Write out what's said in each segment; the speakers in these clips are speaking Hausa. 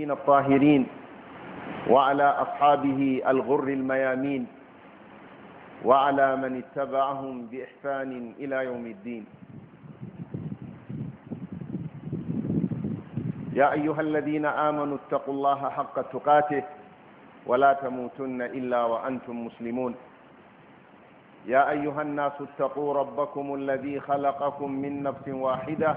الطاهرين وعلى أصحابه الغر الميامين وعلى من اتبعهم بإحسان إلى يوم الدين يا أيها الذين آمنوا اتقوا الله حق تقاته ولا تموتن إلا وأنتم مسلمون يا أيها الناس اتقوا ربكم الذي خلقكم من نفس واحدة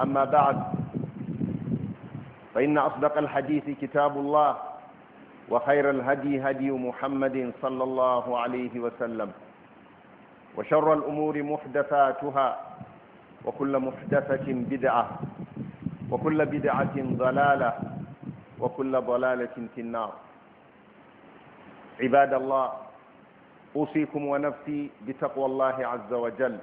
أما بعد فإن أصدق الحديث كتاب الله وخير الهدي هدي محمد صلى الله عليه وسلم وشر الأمور محدثاتها وكل محدثة بدعة وكل بدعة ضلالة وكل ضلالة في النار عباد الله أوصيكم ونفسي بتقوى الله عز وجل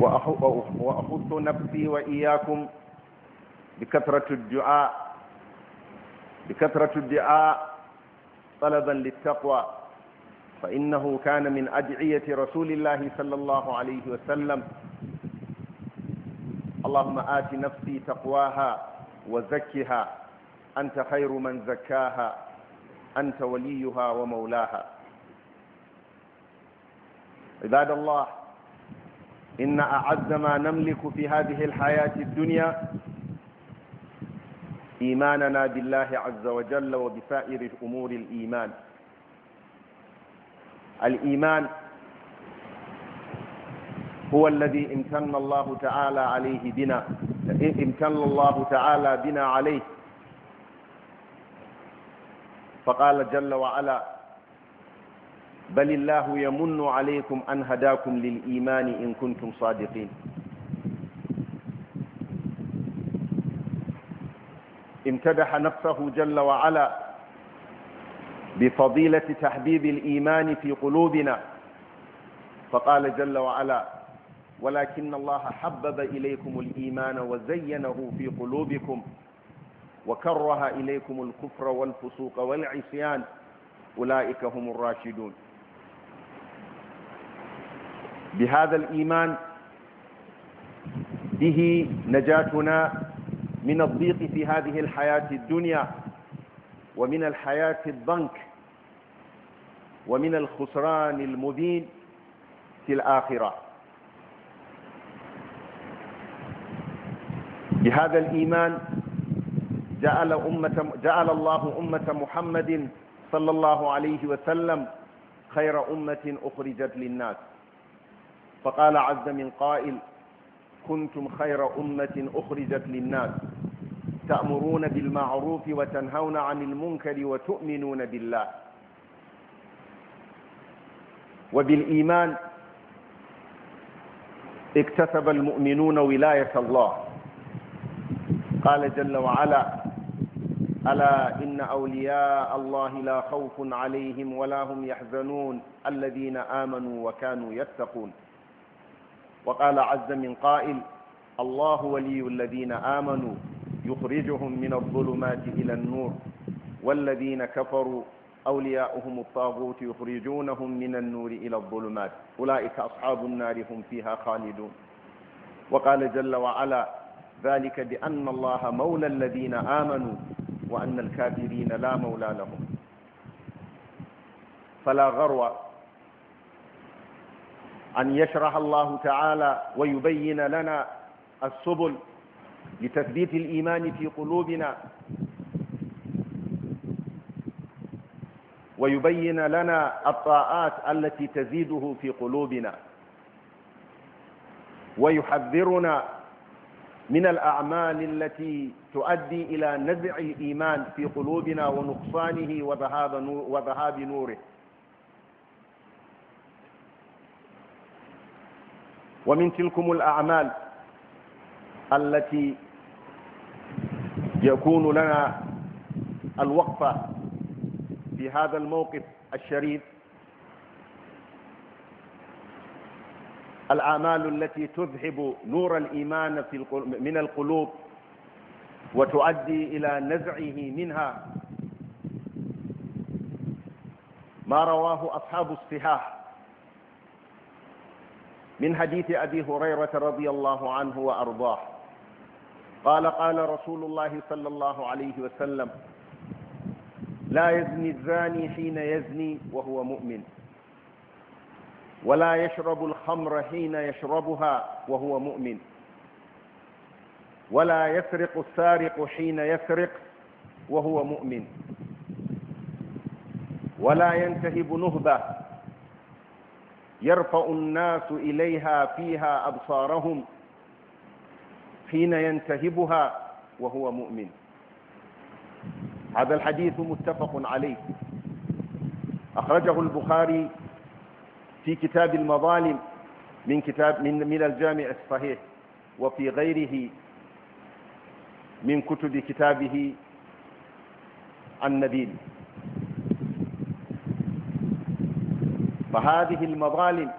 وأخص نفسي وإياكم بكثرة الدعاء بكثرة الدعاء طلبا للتقوى فإنه كان من أدعية رسول الله صلى الله عليه وسلم اللهم آت نفسي تقواها وزكها أنت خير من زكاها أنت وليها ومولاها عباد الله إن أعز ما نملك في هذه الحياة الدنيا إيماننا بالله عز وجل وبسائر الأمور الإيمان الإيمان هو الذي امتن الله تعالى عليه بنا امتن الله تعالى بنا عليه فقال جل وعلا بل الله يمن عليكم أن هداكم للإيمان إن كنتم صادقين امتدح نفسه جل وعلا بفضيلة تحبيب الإيمان في قلوبنا فقال جل وعلا ولكن الله حبب إليكم الإيمان وزينه في قلوبكم وكره إليكم الكفر والفسوق والعصيان أولئك هم الراشدون بهذا الإيمان به نجاتنا من الضيق في هذه الحياة الدنيا ومن الحياة الضنك ومن الخسران المبين في الآخرة بهذا الإيمان جعل, أمة جعل الله أمة محمد صلى الله عليه وسلم خير أمة أخرجت للناس فقال عز من قائل كنتم خير أمة أخرجت للناس تأمرون بالمعروف وتنهون عن المنكر وتؤمنون بالله وبالإيمان اكتسب المؤمنون ولاية الله قال جل وعلا ألا إن أولياء الله لا خوف عليهم ولا هم يحزنون الذين آمنوا وكانوا يتقون وقال عز من قائل الله ولي الذين آمنوا يخرجهم من الظلمات إلى النور والذين كفروا أولياؤهم الطاغوت يخرجونهم من النور إلى الظلمات أولئك أصحاب النار هم فيها خالدون وقال جل وعلا ذلك بأن الله مولى الذين آمنوا وأن الكافرين لا مولى لهم فلا غرو أن يشرح الله تعالى ويبين لنا السبل لتثبيت الإيمان في قلوبنا ويبين لنا الطاعات التي تزيده في قلوبنا ويحذرنا من الأعمال التي تؤدي إلى نزع الإيمان في قلوبنا ونقصانه وذهاب نوره ومن تلكم الأعمال التي يكون لنا الوقفة في هذا الموقف الشريف الأعمال التي تذهب نور الإيمان في من القلوب وتؤدي إلى نزعه منها ما رواه أصحاب الصحاح من حديث أبي هريرة رضي الله عنه وأرضاه قال قال رسول الله صلى الله عليه وسلم لا يزني الزاني حين يزني وهو مؤمن ولا يشرب الخمر حين يشربها وهو مؤمن ولا يسرق السارق حين يسرق وهو مؤمن ولا ينتهب نهبه يرفع الناس إليها فيها أبصارهم حين ينتهبها وهو مؤمن هذا الحديث متفق عليه أخرجه البخاري في كتاب المظالم من كتاب من من الجامع الصحيح وفي غيره من كتب كتابه النبيل فهذه المظالم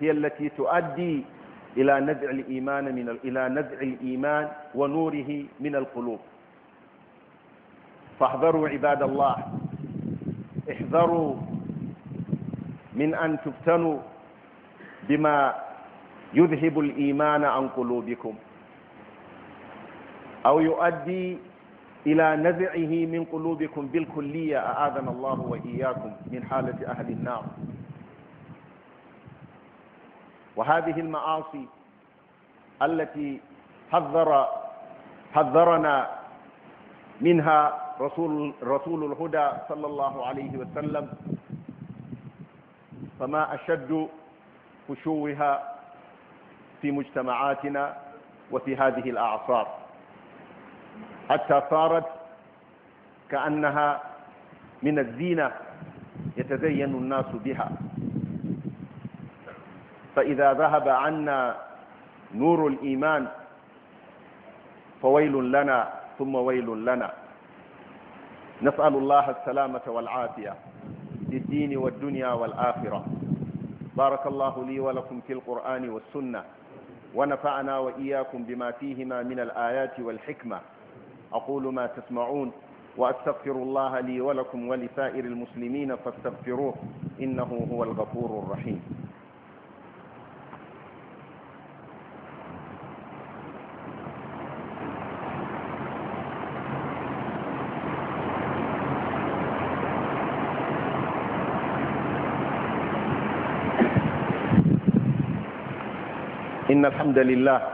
هي التي تؤدي إلى نزع الإيمان من إلى نزع الإيمان ونوره من القلوب فاحذروا عباد الله احذروا من أن تفتنوا بما يذهب الإيمان عن قلوبكم أو يؤدي إلى نزعه من قلوبكم بالكلية أعاذنا الله وإياكم من حالة أهل النار وهذه المعاصي التي حذر حذرنا منها رسول رسول الهدى صلى الله عليه وسلم فما أشد خشوها في مجتمعاتنا وفي هذه الأعصار حتى صارت كأنها من الزينة يتزين الناس بها فإذا ذهب عنا نور الإيمان فويل لنا ثم ويل لنا نسأل الله السلامة والعافية في الدين والدنيا والآخرة بارك الله لي ولكم في القرآن والسنة ونفعنا وإياكم بما فيهما من الآيات والحكمة أقول ما تسمعون وأستغفر الله لي ولكم ولسائر المسلمين فاستغفروه إنه هو الغفور الرحيم إن الحمد لله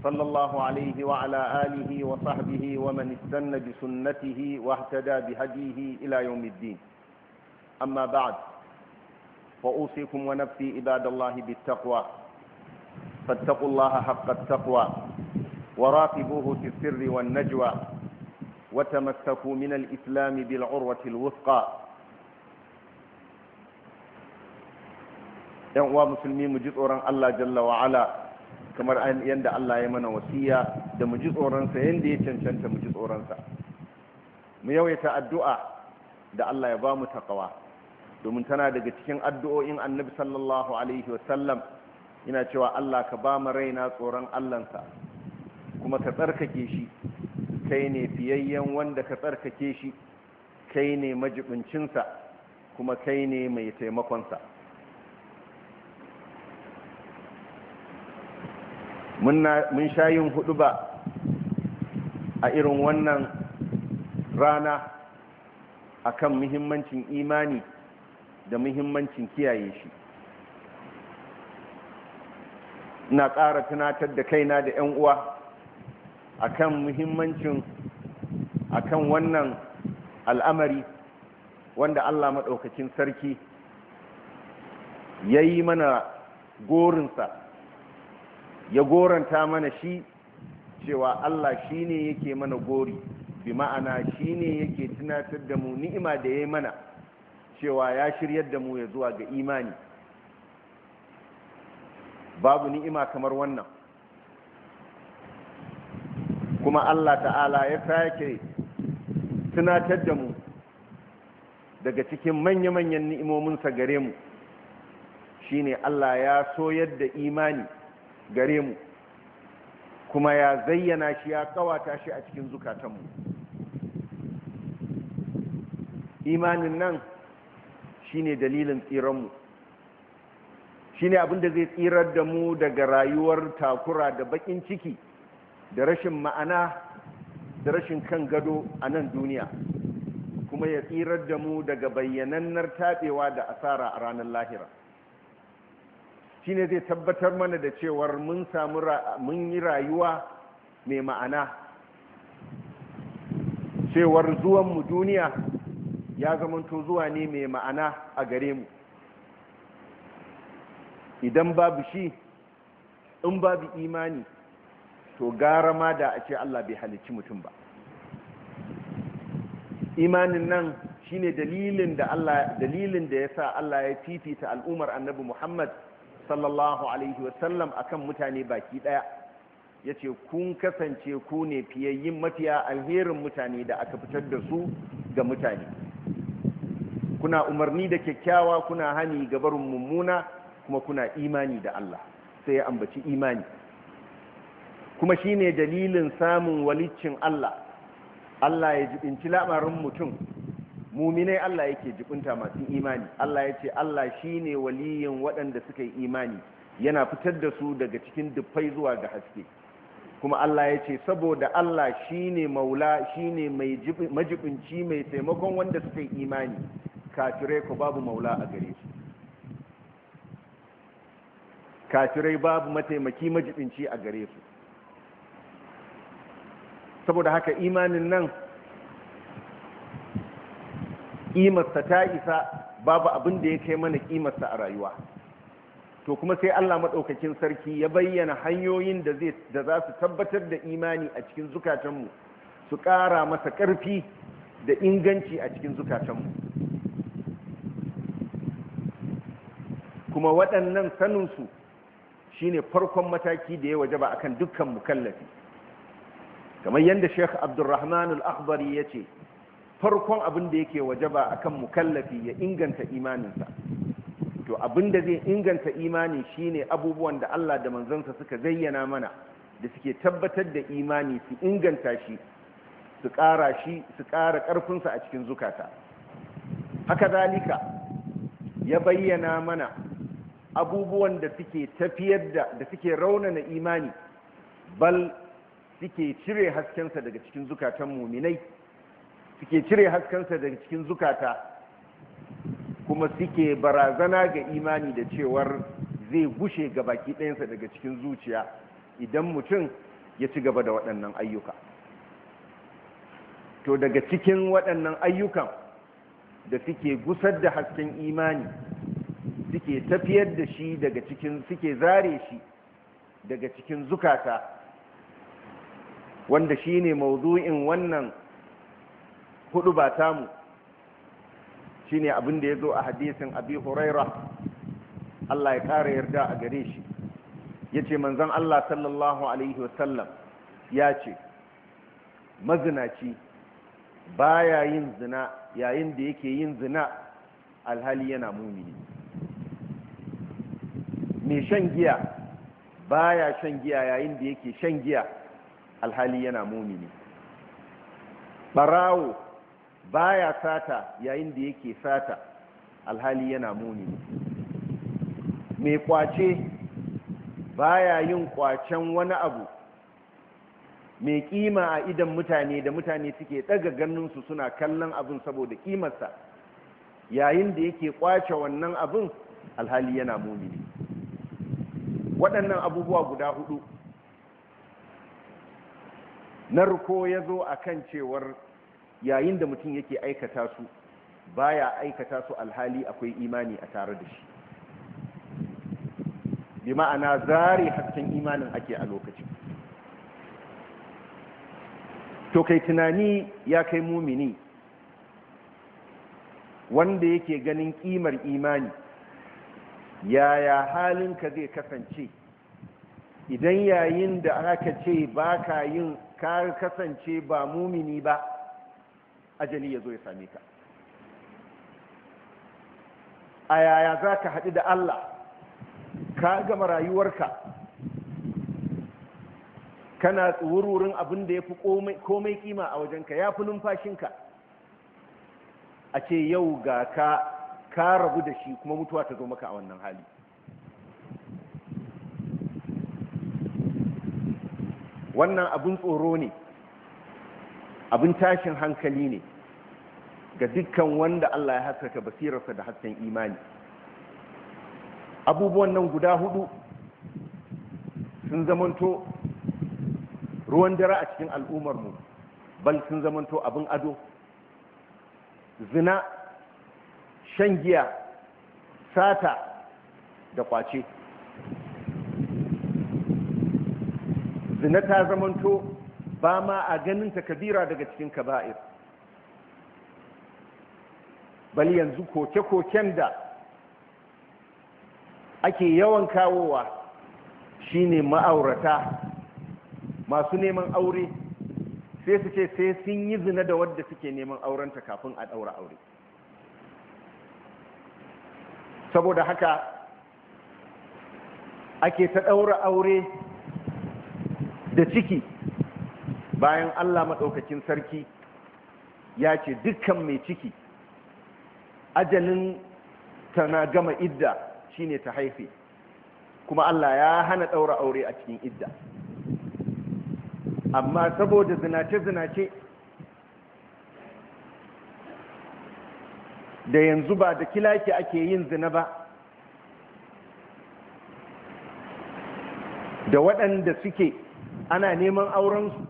صلى الله عليه وعلى آله وصحبه ومن استنى بسنته واهتدى بهديه إلى يوم الدين أما بعد فأوصيكم ونفسي عباد الله بالتقوى فاتقوا الله حق التقوى وراقبوه في السر والنجوى وتمسكوا من الإسلام بالعروة الوثقى يا مسلمين مجد الله جل وعلا kamar yadda Allah ya mana wasiya da mu ji tsoronsa yadda ya cancanta mu ji tsoronsa mu yawaita addu'a da Allah ya ba mu takawa domin tana daga cikin addu'o'in annabi sallallahu alaihi wasallam yana cewa Allah ka ba mu raina tsoron Allahnsa kuma ka tsarkake shi kai ne fiyayyen wanda ka tsarkake shi kai ne majibincinsa kuma kai ne mai taimakonsa mun sha yin hudu ba a irin wannan rana a kan muhimmancin imani da muhimmancin kiyaye shi na ƙara tunatar da kaina da 'yan uwa a kan muhimmancin a kan wannan al'amari wanda Allah maɗaukacin sarki ya yi mana gorinsa ya goranta mana shi cewa Allah shi ne yake mana gori bi ma'ana shi ne yake tunatar da mu ni'ima da ya mana cewa ya shiryar da mu ya zuwa ga imani babu ni'ima kamar wannan kuma Allah ta'ala ya sake tunatar da mu daga cikin manya-manyan ni'imominsa gare mu shi ne Allah ya soyar da imani gare mu kuma ya zayyana shi ya kawata shi a cikin zukatanmu imanin nan shi ne dalilin tsiranmu shine abin da zai tsirar da mu daga rayuwar takura da bakin ciki da rashin ma'ana da rashin kan gado a nan duniya kuma ya tsirar da mu daga bayyanannar taɓewa da asara a ranar lahira shine zai tabbatar mana da cewar mun samu mun yi rayuwa mai ma'ana cewar zuwan mu duniya ya zamanto zuwa ne mai ma'ana a gare mu idan babu shi in babu imani to gara ma da a ce Allah bai halicci mutum ba imanin nan shine dalilin da Allah dalilin da yasa Allah ya fifita al'umar Annabi Muhammad sallallahu alaihi wasallam akan mutane baki daya yace kun kasance ku ne yin mafiya alherin mutane da aka fitar da su ga mutane kuna umarni da kyakkyawa kuna hani ga barin mummuna kuma kuna imani da Allah sai ya ambaci imani kuma shine dalilin samun waliccin Allah Allah ya jibinci labarin mutum muminai Allah yake jikunta masu imani Allah ya ce Allah shine waliyin waɗanda suka yi imani yana fitar da su daga cikin dufai zuwa ga haske kuma Allah ya ce saboda Allah shine maula shine mai majibinci mai taimakon wanda suka yi imani kafirai ko babu maula a gare su kafirai babu mataimaki majibinci a gare su saboda haka imanin nan ƙimarsa ta isa babu abin da ya kai mana ƙimarsa a rayuwa to kuma sai Allah maɗaukakin sarki ya bayyana hanyoyin da za su tabbatar da imani a cikin zukatanmu su ƙara masa ƙarfi da inganci a cikin zukatanmu kuma waɗannan saninsu shi ne farkon mataki da ya waje ba akan dukkan mukallafi kamar yadda sheikh abdulrahman al-akhbari ya ce farkon abin da yake wajaba kan mukallafi ya inganta imaninsa to abin da zai inganta imani shine abubuwan da Allah da manzansa suka zayyana mana da suke tabbatar da imani su inganta shi su ƙara shi su ƙara ƙarfinsa a cikin zukata haka zalika ya bayyana mana abubuwan da suke tafiyar da da suke raunana imani bal suke cire haskensa daga cikin zukatan muminai suke cire haskansa daga cikin zukata kuma suke barazana ga imani da cewar zai gushe ga baki ɗayansa daga cikin zuciya idan mutum ya ci gaba da waɗannan ayyuka to daga cikin waɗannan ayyukan da suke gusar da hasken imani suke tafiyar da shi daga cikin suke zare shi daga cikin zukata wanda shi ne wannan hudu ba tamu shine abin da ya zo a hadisin abi huraira Allah ya ƙara yarda a gare shi ya ce manzan Allah sallallahu alaihi wasallam ya ce mazinaci baya yin zina yayin da yake yin zina alhali yana mumini mai shan giya baya shan giya yayin da yake shan giya alhali yana mumini Ɓarawo. baya sata yayin da yake sata alhali yana muni mai kwace baya yin kwacen wani abu mai kima a idan mutane da mutane suke daga ganinsu suna kallon abin saboda kimarsa yayin da yake kwace wannan abin alhali yana muni waɗannan abubuwa guda hudu narko ya zo a kan cewar yayin da mutum yake aikata su baya aikata su alhali akwai imani a tare da shi bi ma'ana zare hasken imanin ake a lokacin to kai tunani ya kai mumini wanda yake ganin kimar imani yaya halinka zai kasance idan yayin da aka ce ba ka yin ka kasance ba mumini ba ajali ya zo ya same ka a yaya za ka haɗu da Allah ka gama rayuwarka kana tsururin abin da ya fi komai kima a wajenka ya fi numfashinka a ce yau ga ka ka rabu da shi kuma mutuwa ta zo maka a wannan hali wannan abin tsoro ne abin tashin hankali ne ga dukkan wanda Allah ya haskaka basirarsa da hasken imani abubuwan nan guda hudu sun zamanto ruwan dare a cikin al'ummarmu bal sun zamanto abin ado zina shan giya sata da kwace zina ta zamanto ba ma a ganin ta kabira daga cikin kaba'ir bal yanzu koke-koken da ake yawan kawowa shine ma'aurata masu neman aure sai su ce sai sun yi zina da wadda suke neman aurenta kafin a ɗaura aure saboda haka ake ta ɗaura aure da ciki bayan Allah maɗaukakin sarki ya ce dukkan mai ciki ajalin ta na gama idda shine ta haife kuma Allah ya hana ɗaura aure a cikin idda amma saboda zinace-zinace da yanzu ba da kilaki ake yin zina ba da waɗanda suke ana neman aurensu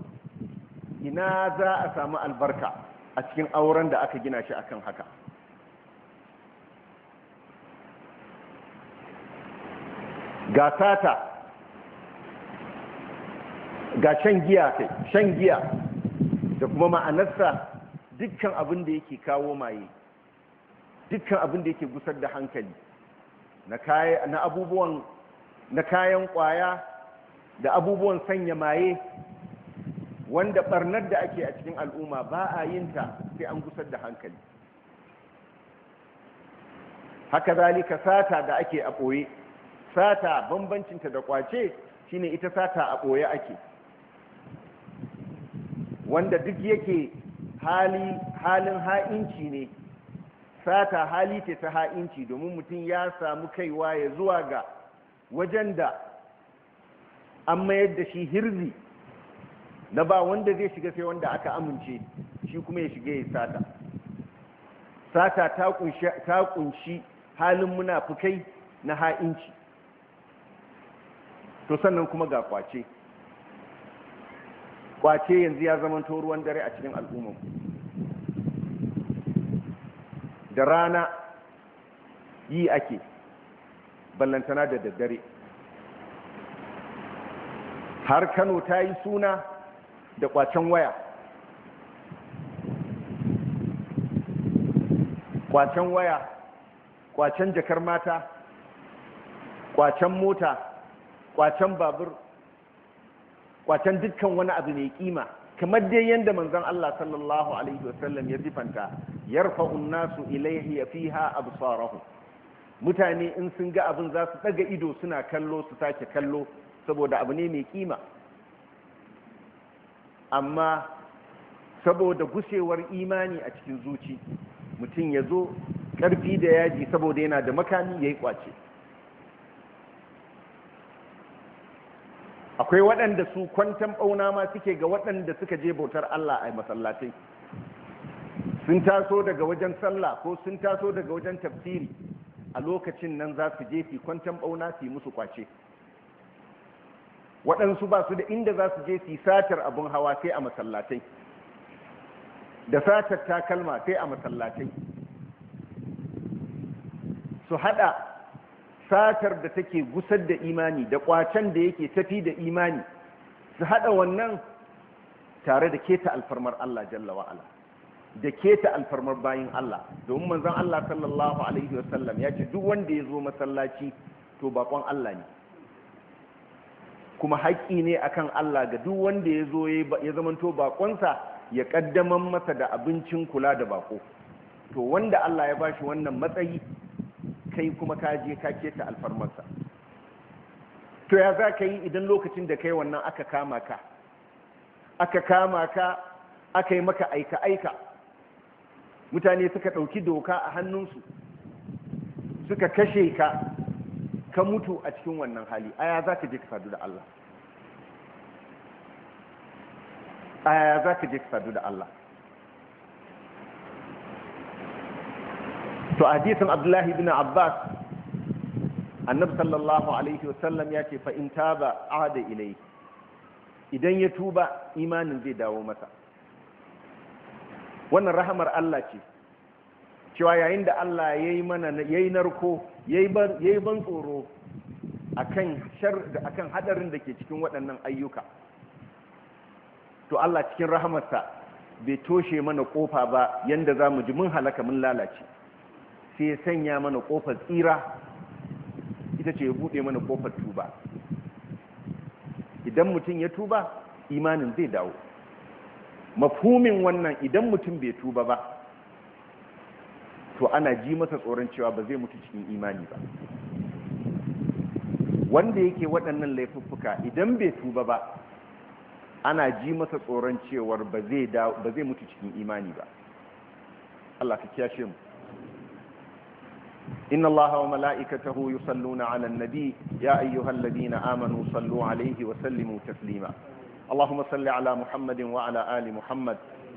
ina za a samu albarka a cikin auren da aka gina shi akan haka ga sata ga shan giya kai shan giya da kuma ma'anarsa dukkan abin da yake kawo maye dukkan abin da yake gusar da hankali na abubuwan na kayan kwaya da abubuwan sanya maye wanda barnar da ake a cikin al'umma ba a yin ta sai an gusar da hankali haka zalika sata da ake a ɓoye sata bambancinta da kwace shine ita sata a ɓoye ake wanda duk yake halin ha'inci ne sata hali ce ta ha'inci domin mutum ya samu kaiwa ya zuwa ga wajen da an mayar da shi hirzi na ba wanda zai shiga sai wanda aka amince shi kuma ya shiga ya sata sata ta kunshi halin munafukai na ha'inci to sannan kuma ga kwace kwace yanzu ya zama ruwan dare a cikin al'umman da rana yi ake ballantana da daddare har kano ta yi suna da kwacen waya kwacen waya kwacen jakar mata kwacen mota kwacen babur kwacen dukkan wani abu mai kima kamar dai yadda manzon Allah sallallahu alaihi wasallam ya sifanta yarfa'un unnasu ilaihi abu tsarahu mutane in sun ga abin za su daga ido suna kallo su sake kallo saboda abu ne mai kima amma saboda gusewar imani a cikin zuci mutum ya zo ƙarfi da yaji saboda yana da makami ya yi ƙwace akwai waɗanda su kwantan ɓauna ma suke ga waɗanda suka je bautar Allah a masallatai sun taso daga wajen sallah ko sun taso daga wajen tafsiri a lokacin nan za su je fi kwantan ɓauna su yi musu kwace waɗansu ba su da inda za su je su satar abin hawa sai a masallatai da satar takalma sai a masallatai su hada satar da take gusar da imani da kwacen da yake tafi da imani su hada wannan tare da keta alfarmar Allah jalla wa'ala da keta alfarmar bayin Allah domin manzon Allah sallallahu alaihi wasallam ya ce duk wanda ya zo masallaci to bakon Allah ne kuma haƙƙi ne akan Allah ga duk wanda ya zo ya zamanto baƙonsa ya ƙaddaman masa da abincin kula da baƙo, to wanda Allah ya ba shi wannan matsayi kai kuma ka je ka keta alfarmarsa to ya za ka yi idan lokacin da kai wannan aka kama ka aka kama ka aka yi maka aika-aika mutane suka ɗauki doka a hannunsu suka kashe ka ka mutu a cikin wannan hali aya za ka je ka sadu da Allah aya za ka je ka sadu da Allah to hadisin abdullahi bin abbas annabi sallallahu alaihi wasallam ya ce fa in taba ada ilai idan ya tuba imanin zai dawo masa wannan rahamar Allah ce cewa yayin da Allah ya yi mana ya yi narko ya yi ban tsoro akan hadarin da ke cikin waɗannan ayyuka to Allah cikin rahamarsa bai toshe mana ƙofa ba yadda za mu ji mun halaka mun lalace sai ya sanya mana kofar tsira ita ce ya buɗe mana kofar tuba idan mutum ya tuba imanin zai dawo mafhumin wannan idan mutum bai tuba ba to ana ji masa tsoron cewa ba zai mutu cikin imani ba wanda yake waɗannan laifuffuka idan bai tuba ba ana ji masa tsoron cewar ba zai mutu cikin imani ba Allah ka kyashe mu inna Allah wa mala'ikatahu yusalluna 'alan nabi ya ayyuhal ladina amanu sallu 'alayhi wa sallimu taslima Allahumma salli 'ala Muhammadin wa 'ala ali Muhammad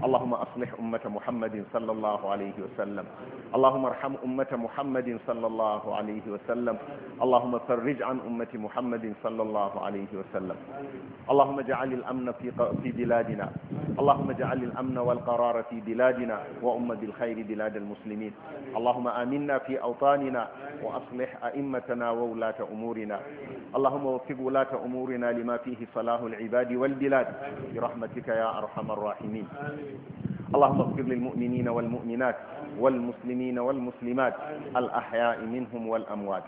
اللهم أصلح أمة محمد صلى الله عليه وسلم اللهم ارحم أمة محمد صلى الله عليه وسلم اللهم فرج عن أمة محمد صلى الله عليه وسلم اللهم اجعل الأمن في في بلادنا اللهم اجعل الأمن والقرار في بلادنا وأمة الخير بلاد المسلمين اللهم آمنا في أوطاننا وأصلح أئمتنا وولاة أمورنا اللهم وفق ولاة أمورنا لما فيه صلاح العباد والبلاد برحمتك يا أرحم الراحمين اللهم اغفر للمؤمنين والمؤمنات والمسلمين والمسلمات الأحياء منهم والأموات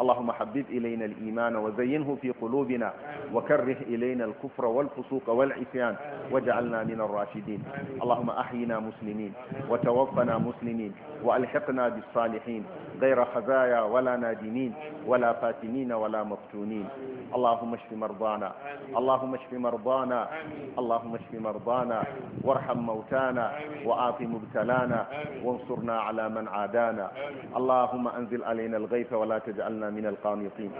اللهم حبب إلينا الإيمان وزينه في قلوبنا وكره إلينا الكفر والفسوق والعصيان واجعلنا من الراشدين اللهم أحينا مسلمين وتوفنا مسلمين وألحقنا بالصالحين غير خزايا ولا نادمين ولا فاتنين ولا مفتونين اللهم اشف مرضانا اللهم اشف مرضانا اللهم اشف مرضانا وارحم موتانا وآت مبتلانا وانصرنا على من عادانا اللهم أنزل علينا الغيث ولا تجعلنا من القانطين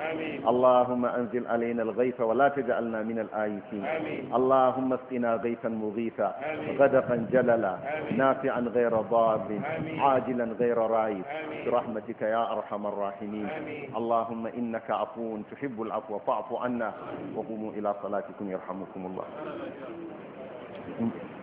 اللهم أنزل علينا الغيث ولا تجعلنا من الآيسين اللهم اسقنا غيثا مغيثا غدقا جللا نافعا غير ضار عاجلا غير رائد برحمتك يا أرحم الراحمين اللهم إنك عفو تحب العفو فاعف عنا وقوموا إلى صلاتكم يرحمكم الله